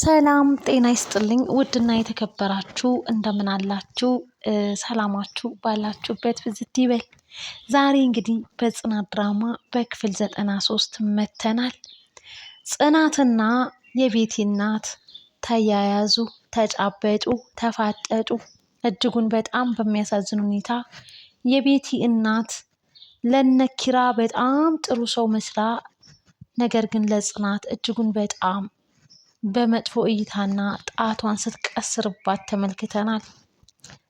ሰላም ጤና ይስጥልኝ። ውድና የተከበራችሁ እንደምን አላችሁ? ሰላማችሁ ባላችሁበት ብዝት ይበል። ዛሬ እንግዲህ በጽናት ድራማ በክፍል ዘጠና ሶስት መተናል። ጽናትና የቤቲ እናት ተያያዙ፣ ተጫበጡ፣ ተፋጠጡ። እጅጉን በጣም በሚያሳዝን ሁኔታ የቤቲ እናት ለነኪራ በጣም ጥሩ ሰው መስላ ነገር ግን ለጽናት እጅጉን በጣም በመጥፎ እይታና ጣቷን ስትቀስርባት ተመልክተናል።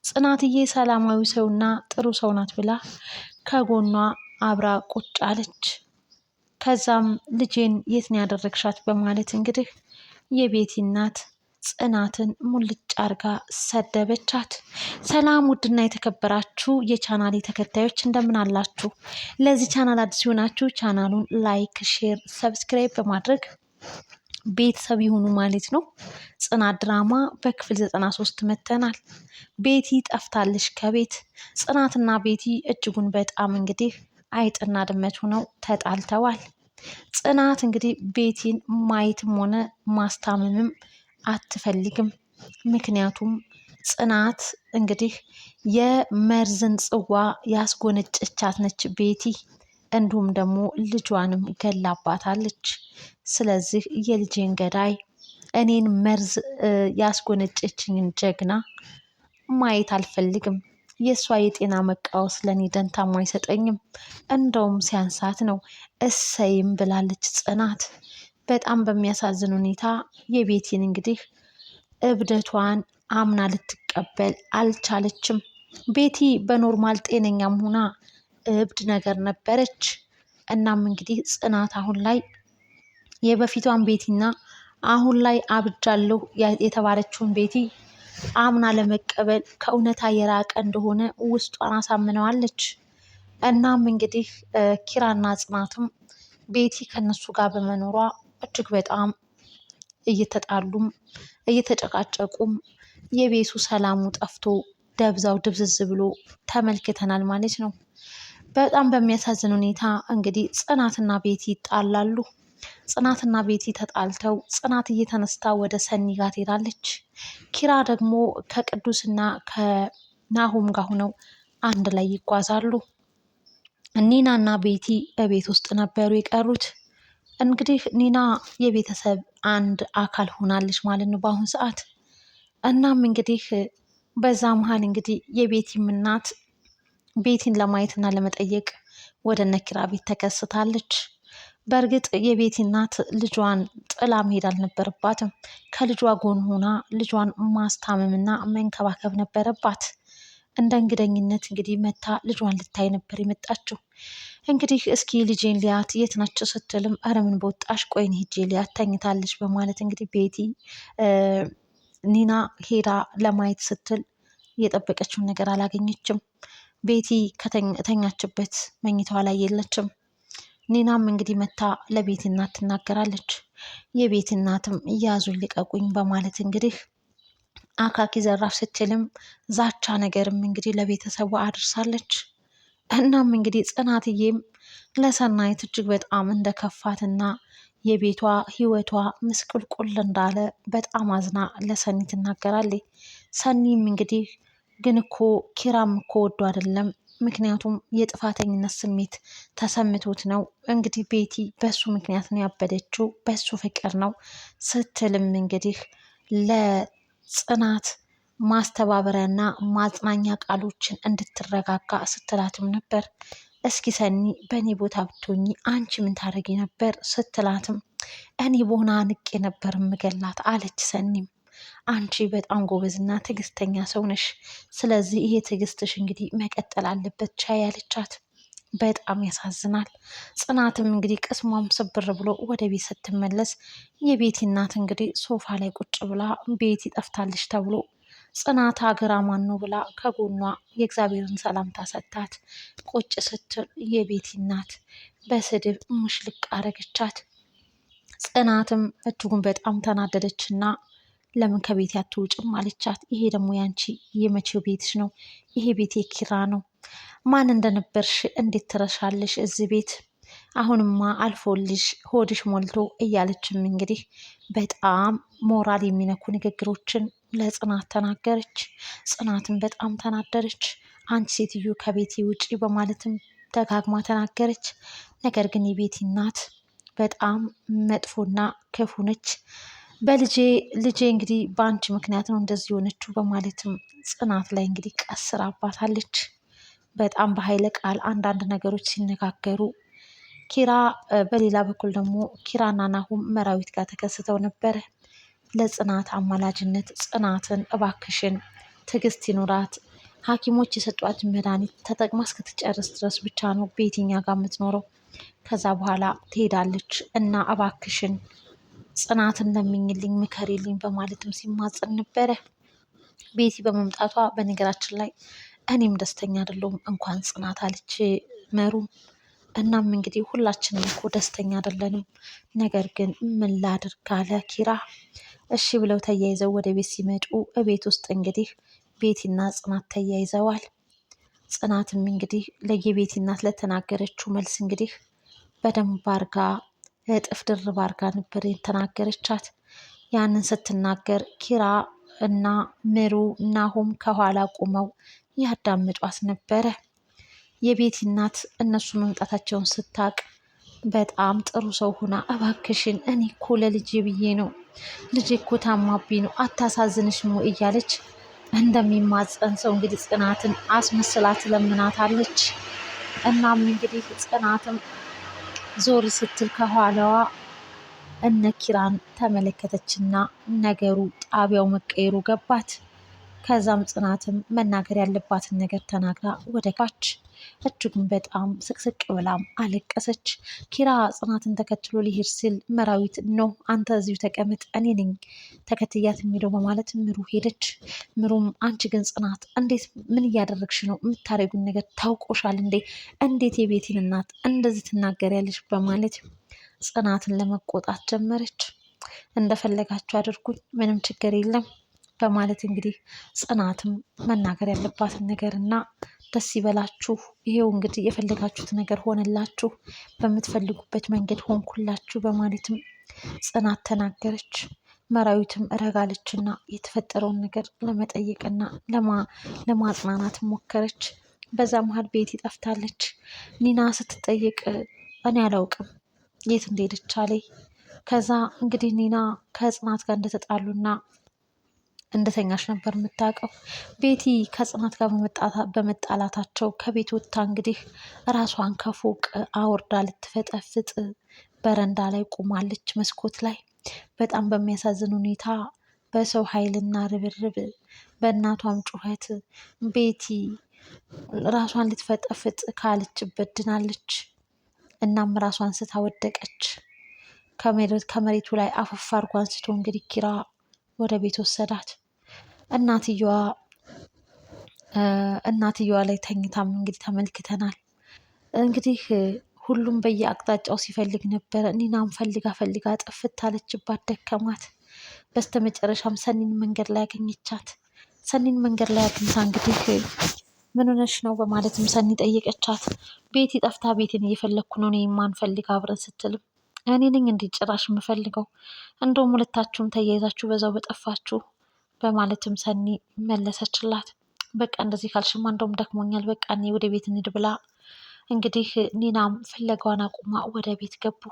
ጽናትዬ ሰላማዊ ሰውና ጥሩ ሰው ናት ብላ ከጎኗ አብራ ቁጭ አለች። ከዛም ልጄን የት ነው ያደረግሻት በማለት እንግዲህ የቤቲ እናት ጽናትን ሙልጭ አርጋ ሰደበቻት። ሰላም ውድና የተከበራችሁ የቻናሌ ተከታዮች እንደምን አላችሁ? ለዚህ ቻናል አዲስ ሲሆናችሁ ቻናሉን ላይክ፣ ሼር፣ ሰብስክራይብ በማድረግ ቤተሰብ ይሁኑ ማለት ነው። ጽናት ድራማ በክፍል ሶስት መተናል። ቤቲ ጠፍታለች ከቤት ጽናትና ቤቲ እጅጉን በጣም እንግዲህ አይጥና ድመት ሆነው ተጣልተዋል። ጽናት እንግዲህ ቤቲን ማየትም ሆነ ማስታመምም አትፈልግም። ምክንያቱም ጽናት እንግዲህ የመርዝን ጽዋ ያስጎነጨቻት ነች ቤቲ እንዲሁም ደግሞ ልጇንም ገላባታለች። ስለዚህ የልጄን ገዳይ እኔን መርዝ ያስጎነጨችኝን ጀግና ማየት አልፈልግም። የእሷ የጤና መቃወስ ለእኔ ደንታም አይሰጠኝም። እንደውም ሲያንሳት ነው እሰይም ብላለች ጽናት። በጣም በሚያሳዝን ሁኔታ የቤቲን እንግዲህ እብደቷን አምና ልትቀበል አልቻለችም። ቤቲ በኖርማል ጤነኛም ሆና እብድ ነገር ነበረች። እናም እንግዲህ ጽናት አሁን ላይ የበፊቷን ቤቲና አሁን ላይ አብጃለሁ የተባለችውን ቤቲ አምና ለመቀበል ከእውነታ የራቀ እንደሆነ ውስጧን አሳምነዋለች። እናም እንግዲህ ኪራና ጽናትም ቤቲ ከነሱ ጋር በመኖሯ እጅግ በጣም እየተጣሉም እየተጨቃጨቁም የቤቱ ሰላሙ ጠፍቶ ደብዛው ድብዝዝ ብሎ ተመልክተናል ማለት ነው። በጣም በሚያሳዝን ሁኔታ እንግዲህ ጽናትና ቤቲ ይጣላሉ። ጽናትና ቤቲ ተጣልተው ጽናት እየተነስታ ወደ ሰኒ ጋር ትሄዳለች። ኪራ ደግሞ ከቅዱስና ከናሆም ጋር ሆነው አንድ ላይ ይጓዛሉ። እና ቤቲ በቤት ውስጥ ነበሩ የቀሩት። እንግዲህ ኒና የቤተሰብ አንድ አካል ሆናለች ማለት ነው በአሁኑ ሰዓት። እናም እንግዲህ በዛ መሀል እንግዲህ የቤቲም እናት ቤቲን ለማየትና ለመጠየቅ ወደ ነኪራ ቤት ተከስታለች። በእርግጥ የቤቲ እናት ልጇን ጥላ መሄድ አልነበረባትም። ከልጇ ጎን ሆና ልጇን ማስታመምና መንከባከብ ነበረባት። እንደ እንግደኝነት እንግዲህ መታ ልጇን ልታይ ነበር የመጣችው። እንግዲህ እስኪ ልጄን ሊያት የት ናች ስትልም ኧረ ምን በወጣሽ ቆይን ሄጄ ሊያት ተኝታለች በማለት እንግዲህ ቤቲ ኒና ሄዳ ለማየት ስትል የጠበቀችውን ነገር አላገኘችም። ቤቲ ከተኛችበት መኝታዋ ላይ የለችም። ኒናም እንግዲህ መታ ለቤቲ እናት ትናገራለች። የቤቲ እናትም እያዙን ሊቀቁኝ በማለት እንግዲህ አካኪ ዘራፍ ስትልም ዛቻ ነገርም እንግዲህ ለቤተሰቡ አድርሳለች። እናም እንግዲህ ጽናትዬም ለሰናይት እጅግ በጣም እንደከፋትና የቤቷ ህይወቷ ምስቅልቁል እንዳለ በጣም አዝና ለሰኒ ትናገራለች። ሰኒም እንግዲህ ግን እኮ ኪራም እኮ ወዶ አይደለም። ምክንያቱም የጥፋተኝነት ስሜት ተሰምቶት ነው። እንግዲህ ቤቲ በሱ ምክንያት ነው ያበደችው፣ በሱ ፍቅር ነው ስትልም እንግዲህ ለጽናት ማስተባበሪያና ማጽናኛ ቃሎችን እንድትረጋጋ ስትላትም ነበር። እስኪ ሰኒ በእኔ ቦታ ብትሆኚ አንቺ ምን ታደርጊ ነበር? ስትላትም እኔ ቦና ንቄ ነበር ምገላት አለች ሰኒም አንቺ በጣም ጎበዝና ትዕግስተኛ ሰው ነሽ። ስለዚህ ይሄ ትዕግስትሽ እንግዲህ መቀጠል አለበት ቻይ ያለቻት። በጣም ያሳዝናል። ጽናትም እንግዲህ ቅስሟም ስብር ብሎ ወደ ቤት ስትመለስ የቤቲ እናት እንግዲህ ሶፋ ላይ ቁጭ ብላ ቤቲ ጠፍታለች ተብሎ ጽናት ሀገር ነው ብላ ከጎኗ የእግዚአብሔርን ሰላምታ ሰጥታት ቁጭ ስትል የቤቲ እናት በስድብ ሙሽልቅ አረገቻት። ጽናትም እጅጉን በጣም ተናደደችና ለምን ከቤት አትውጭም አለቻት። ይሄ ደግሞ ያንቺ የመቼው ቤትሽ ነው? ይሄ ቤት የኪራ ነው። ማን እንደነበርሽ እንዴት ትረሻለሽ እዚህ ቤት? አሁንማ አልፎልሽ ሆድሽ ሞልቶ እያለችም እንግዲህ በጣም ሞራል የሚነኩ ንግግሮችን ለጽናት ተናገረች። ጽናትን በጣም ተናደረች። አንቺ ሴትዮ ከቤቴ ውጪ በማለትም ደጋግማ ተናገረች። ነገር ግን የቤቲ እናት በጣም መጥፎና ክፉ ነች። በልጄ ልጄ እንግዲህ በአንቺ ምክንያት ነው እንደዚህ የሆነችው በማለትም ጽናት ላይ እንግዲህ ቀስር አባታለች። በጣም በኃይለ ቃል አንዳንድ ነገሮች ሲነጋገሩ ኪራ በሌላ በኩል ደግሞ ኪራና ናሁም መራዊት ጋር ተከስተው ነበረ። ለጽናት አማላጅነት ጽናትን እባክሽን ትዕግስት ይኑራት፣ ሐኪሞች የሰጧት መድኃኒት ተጠቅማ እስክትጨርስ ድረስ ብቻ ነው ቤትኛ ጋር የምትኖረው፣ ከዛ በኋላ ትሄዳለች እና እባክሽን ጽናትን ለምኝልኝ፣ ምከሪልኝ በማለትም ሲማጽን ነበረ። ቤቲ በመምጣቷ በነገራችን ላይ እኔም ደስተኛ አይደለሁም እንኳን ጽናት አለች መሩም። እናም እንግዲህ ሁላችንም እኮ ደስተኛ አይደለንም። ነገር ግን ምን ላድርግ አለ ኪራ እሺ ብለው ተያይዘው ወደ ቤት ሲመጡ እቤት ውስጥ እንግዲህ ቤቲና ጽናት ተያይዘዋል። ጽናትም እንግዲህ ለየቤቲ እናት ለተናገረችው መልስ እንግዲህ በደንብ አርጋ እጥፍ ድርብ አርጋ ነበር የተናገረቻት። ያንን ስትናገር ኪራ እና ምሩ ናሆም ከኋላ ቆመው ያዳምጧት ነበረ። የቤቲ እናት እነሱ መምጣታቸውን ስታቅ በጣም ጥሩ ሰው ሁና እባክሽን፣ እኔ እኮ ለልጄ ብዬ ነው ልጄ እኮ ታማቢ ነው አታሳዝንሽ ወይ እያለች እንደሚማፀን ሰው እንግዲህ ጽናትን አስመስላት ለምናታለች። እናም እንግዲህ ጽናትም ዞር ስትል ከኋላዋ እነ ኪራን ተመለከተችና ነገሩ ጣቢያው መቀየሩ ገባት። ከዛም ጽናትም መናገር ያለባትን ነገር ተናግራ ወደ ካች እጅጉን በጣም ስቅስቅ ብላም አለቀሰች። ኪራ ጽናትን ተከትሎ ሊሄድ ሲል መራዊት ነው አንተ እዚሁ ተቀምጥ፣ እኔ ነኝ ተከትያት የሚለው በማለት ምሩ ሄደች። ምሩም አንቺ ግን ጽናት እንዴት ምን እያደረግሽ ነው? የምታደርጉን ነገር ታውቆሻል እንዴ? እንዴት የቤቴን እናት እንደዚህ ትናገሪያለሽ? በማለት ጽናትን ለመቆጣት ጀመረች። እንደፈለጋችሁ አድርጉኝ፣ ምንም ችግር የለም በማለት እንግዲህ ጽናትም መናገር ያለባትን ነገር እና ደስ ይበላችሁ፣ ይሄው እንግዲህ የፈለጋችሁት ነገር ሆነላችሁ፣ በምትፈልጉበት መንገድ ሆንኩላችሁ በማለትም ጽናት ተናገረች። መራዊትም ረጋለች እና የተፈጠረውን ነገር ለመጠየቅና ለማጽናናት ሞከረች። በዛ መሀል ቤት ይጠፍታለች። ኒና ስትጠየቅ እኔ አላውቅም የት እንደሄደች አለይ። ከዛ እንግዲህ ኒና ከጽናት ጋር እንደተጣሉና እንደተኛሽ ነበር የምታውቀው። ቤቲ ከጽናት ጋር በመጣላታቸው ከቤት ወጥታ እንግዲህ ራሷን ከፎቅ አውርዳ ልትፈጠፍጥ በረንዳ ላይ ቁማለች መስኮት ላይ በጣም በሚያሳዝን ሁኔታ በሰው ኃይልና ርብርብ በእናቷም ጩኸት ቤቲ ራሷን ልትፈጠፍጥ ካለችበት ድናለች። እናም ራሷን ስታ ወደቀች። ከመሬቱ ላይ አፈፍ አድርጎ እንግዲህ ኪራ ወደ ቤት ወሰዳት። እናትየዋ እናትየዋ ላይ ተኝታም እንግዲህ ተመልክተናል። እንግዲህ ሁሉም በየአቅጣጫው ሲፈልግ ነበረ። ኒናም ፈልጋ ፈልጋ ጥፍት አለችባት፣ ደከማት። በስተመጨረሻም ሰኒን መንገድ ላይ አገኘቻት። ሰኒን መንገድ ላይ አግኝታ እንግዲህ ምን ሆነሽ ነው በማለትም ሰኒ ጠየቀቻት። ቤቲ ጠፍታ ቤቴን እየፈለግኩ ነው እኔ የማንፈልግ አብረን ስትልም እኔ ነኝ እንዲጭራሽ የምፈልገው እንደውም ሁለታችሁም ተያይዛችሁ በዛው በጠፋችሁ በማለትም ሰኒ መለሰችላት። በቃ እንደዚህ ካልሽማ እንደውም ደክሞኛል፣ በቃ እኔ ወደ ቤት እንሂድ ብላ እንግዲህ ኒናም ፍለጋዋን አቁማ ወደ ቤት ገቡ።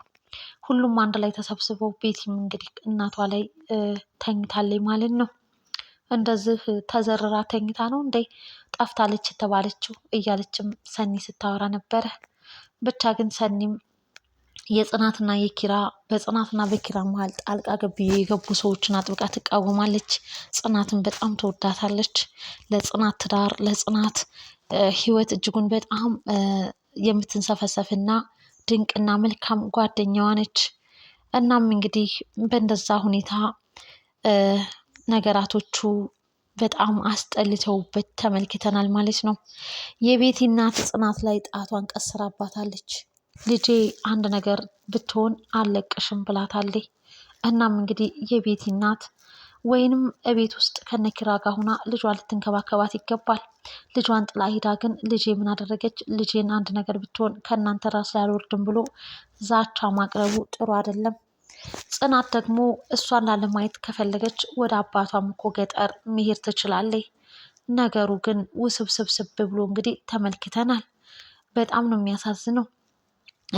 ሁሉም አንድ ላይ ተሰብስበው ቤቲም እንግዲህ እናቷ ላይ ተኝታለች ማለት ነው። እንደዚህ ተዘርራ ተኝታ ነው እንዴ ጠፍታለች የተባለችው እያለችም ሰኒ ስታወራ ነበረ። ብቻ ግን ሰኒም የጽናትና የኪራ በጽናትና በኪራ መሀል ጣልቃ ገብ የገቡ ሰዎችን አጥብቃ ትቃወማለች። ጽናትን በጣም ትወዳታለች። ለጽናት ትዳር ለጽናት ህይወት እጅጉን በጣም የምትንሰፈሰፍና ድንቅና መልካም ጓደኛዋ ነች። እናም እንግዲህ በእንደዛ ሁኔታ ነገራቶቹ በጣም አስጠልተውበት ተመልክተናል ማለት ነው። የቤቲ እናት ጽናት ላይ ጣቷን ቀስራባታለች። ልጄ አንድ ነገር ብትሆን አልለቅሽም ብላታለች። እናም እንግዲህ የቤቲ እናት ወይንም እቤት ውስጥ ከነኪራ ጋር ሁና ልጇን ልትንከባከባት ይገባል። ልጇን ጥላ ሂዳ ግን ልጄ ምን አደረገች? ልጄን አንድ ነገር ብትሆን ከእናንተ ራስ ላይ አልወርድም ብሎ ዛቻ ማቅረቡ ጥሩ አይደለም። ጽናት ደግሞ እሷን ላለማየት ከፈለገች ወደ አባቷም እኮ ገጠር መሄድ ትችላለች። ነገሩ ግን ውስብስብስብ ብሎ እንግዲህ ተመልክተናል። በጣም ነው የሚያሳዝነው።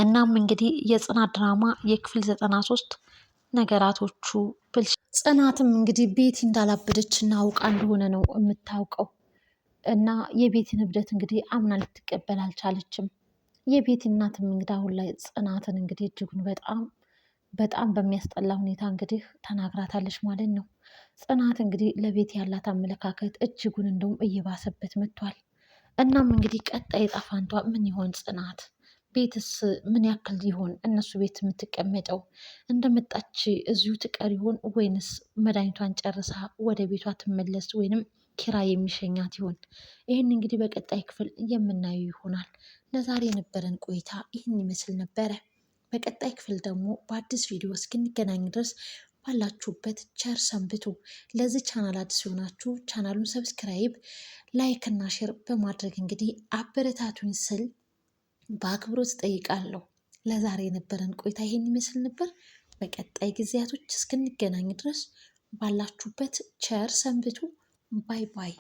እናም እንግዲህ የጽናት ድራማ የክፍል ዘጠና ሶስት ነገራቶቹ ብልሽ ጽናትም እንግዲህ ቤቲ እንዳላበደች እና አውቃ እንደሆነ ነው የምታውቀው እና የቤቲን እብደት እንግዲህ አምና ልትቀበል አልቻለችም። የቤቲ እናትም እንግዲህ አሁን ላይ ጽናትን እንግዲህ እጅጉን በጣም በጣም በሚያስጠላ ሁኔታ እንግዲህ ተናግራታለች ማለት ነው። ጽናት እንግዲህ ለቤት ያላት አመለካከት እጅጉን እንደውም እየባሰበት መጥቷል። እናም እንግዲህ ቀጣይ ዕጣ ፈንታዋ ምን ይሆን ጽናት ቤትስ ምን ያክል ይሆን እነሱ ቤት የምትቀመጠው? እንደመጣች እዚሁ ትቀር ይሆን ወይንስ መድኃኒቷን ጨርሳ ወደ ቤቷ ትመለስ ወይንም ኪራይ የሚሸኛት ይሆን? ይህን እንግዲህ በቀጣይ ክፍል የምናየው ይሆናል። ለዛሬ የነበረን ቆይታ ይህን ይመስል ነበረ። በቀጣይ ክፍል ደግሞ በአዲስ ቪዲዮ እስክንገናኝ ድረስ ባላችሁበት ቸር ሰንብቱ። ለዚህ ቻናል አዲስ ሲሆናችሁ ቻናሉን ሰብስክራይብ፣ ላይክ እና ሼር በማድረግ እንግዲህ አበረታቱኝ ስል በአክብሮት ጠይቃለሁ። ለዛሬ የነበረን ቆይታ ይሄን ይመስል ነበር። በቀጣይ ጊዜያቶች እስክንገናኝ ድረስ ባላችሁበት ቸር ሰንብቱ። ባይ ባይ።